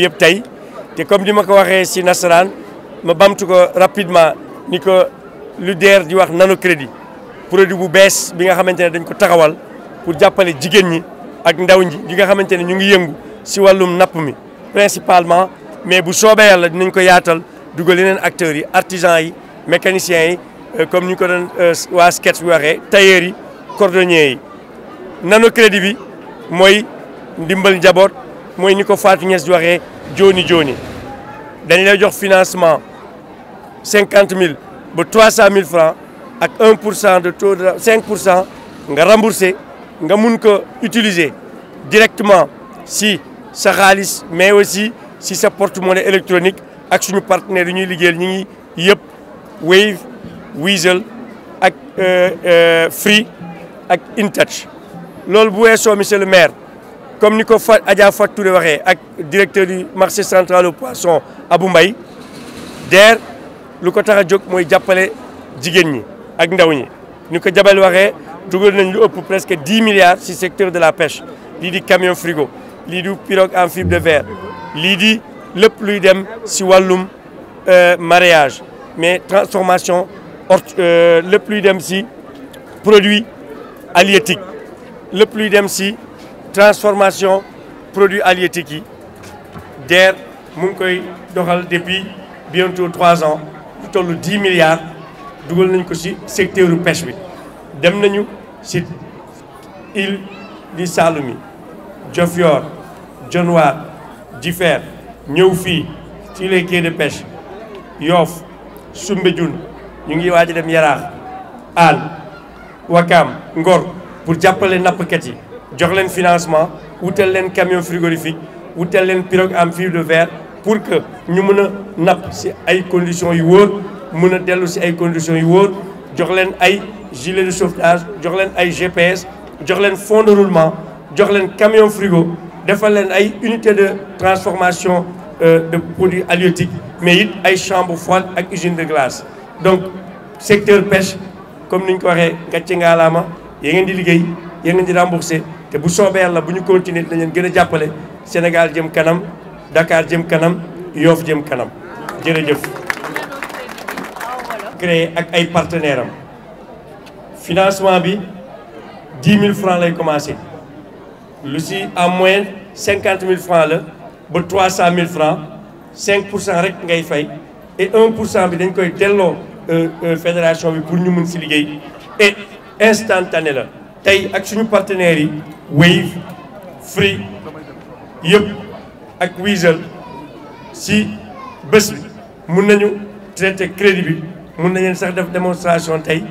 yëpp tey te comme di ma ko waxee si nasaraan ma bamtu ko rapidement ni ko lu deer di wax nano crédit produit bu bees bi nga xamante ne dañ ko taxawal pour jàppale jigéen ñi ak ndaw ñi ñi nga xamante ne ñu ngi yëngu si wàllum napp mi principalement mais bu soobee yàlla dinañ ko yaatal dugal neen acteurs yi artisans yi mécaniciens yi euh, comme ni ko doon euh, waa sketch bi waxee tailleurs yi cordonniers yi nano crédit bi mooy ndimbal njaboot mooy ni ko Fatou Niass di waxee jooni jooni dañ lay jox financement cinquante mille ba trois cent mille francs ak un pour cent de taux de cinq pour cent nga remboursé nga mun ko utiliser directement si sa xaalis mais aussi si sa porte-monnaie électronique ak suñu partenaires yu ñuy liggéey ñi ngi yëpp Wave Wizall ak euh, euh, Free ak InTouch loolu bu weesoo monsieur le maire comme ni ko fa Adja Fatou waxee ak directeur du marché central au poisson Abou Mbaye DER lu ko tax a jóg mooy jàppale jigéen ñi ak ndaw ñi ni ko Jabel waxee dugal nañ lu ëpp presque dix milliards ci secteur de la pêche lii di camion frigo lii di pirogue en fibre de verre lii di lépp luy dem si wàllum euh, mareyage mais transformation hort euh, lépp luy dem si produit halieutique lépp luy dem si transformation produit halieutiques yi DER mu ngi koy doxal depuis bientôt trois ans tollu toll dix milliards dugal nañ ko ci secteur pêche bi dem nañu ci île di Saloumi Diofior Dionewar Djifer ñëw fii ci les quais de pêche Yoff Soumbédioune ñu ngi waaj a dem Yaraax Hann Ouakam Ngor pour jàppale nappkat yi jox leen financement wutal leen camion frigorifique wutal leen pirogue en fil de verre pour que ñu mën a napp si ay conditions yu wóor mën a dellu si ay conditions yu wóor jox leen ay gilet de sauvetage jox leen ay GPS jox leen fond de roulement jox leen camion frigo defal leen ay unité de transformation euh, de produits halieutiques mais it ay chambre froide ak usine de glace donc secteur peche comme ni ñu ko waxee gàcce ngaalaama yéen ngeen di liggéey yéen ngeen te bu soobee yàlla bu ñu continuer dinañ leen gën a jàppale Sénégal jëm kanam dakaar jëm kanam Yoff jëm kanam jërëjëf. créé ak ay partenaires am financement bi 10 mille francs lay commencé lu si en moyenne cinquante mille francs la ba cent mille francs cinq pour cent rek ngay fay et 1 pour cent bi dañ koy delloo euh, euh, fédération bi pour ñu mun si liggéey et instantané la. tey ak suñu partenaires yi Wave Free yëpp ak Wizall si bés bi mun nañu traité crédit bi mun nañu sax def démonstration tey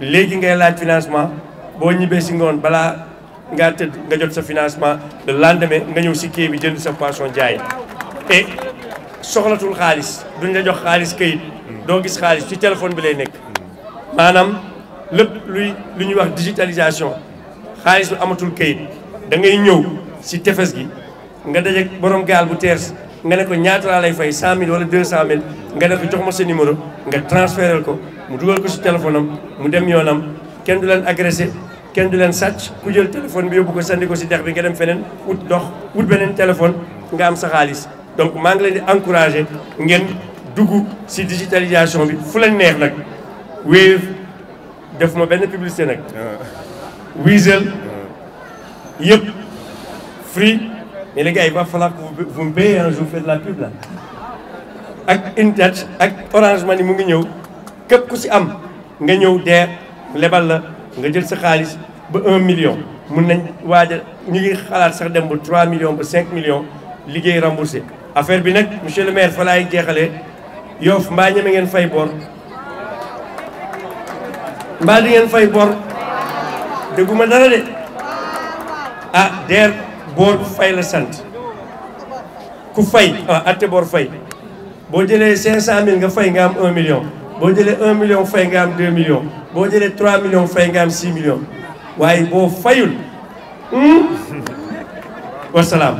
léegi ngay laaj financement boo ñibbee si ngoon balaa ngaa tëdd nga jot sa financement le lendemain nga ñëw si kii bi jënd sa poisson jaay et soxlatul xaalis duñ la jox xaalis kayit doo gis xaalis ci téléphone bi lay nekk lépp luy lu ñuy wax digitalisation xaalis amatul kayit da ngay ñëw si tefes gi nga daje borom gaal bu teers nga ne ko ñaata laa lay fay 100000 wala 200000 nga ne ko jox ma sa numéro nga transférer ko mu dugal ko si téléphone mu dem yoonam kenn du leen agressé kenn du leen sàcc ku jël téléphone bi yóbbu ko sandi ko si dex bi nga dem feneen ut dox ut beneen téléphone nga am sa xaalis donc maa ngi leen di encouragé ngeen dugg si digitalisation bi fu leen neex nag defuma ma benn publicité nag. Ah. Weasel. Ah. yëpp. Free. mais les gars il va falloir que vous vous me payez la pub là. ak Intouch ak Orange Money mu ngi ñëw képp ku si am nga ñëw deer lebal la nga jël sa xaalis ba un million. mun nañ waaja ñu ngi xalaat sax dem ba 3 millions ba 5 millions liggéey remboursé affaire bi nag monsieur le maire fa laay jeexalee Yoff mbaa ñeme ngeen fay bor. mbaa di ngeen fay bor dégguma dara de ah deer boor fay la sant ku fay ah atte fay boo jëlee cinq cent mille nga fay nga am un million boo jëlee un million fay nga am deux millions boo jëlee trois millions fay nga am six millions waaye boo fayul hmm? wasalaam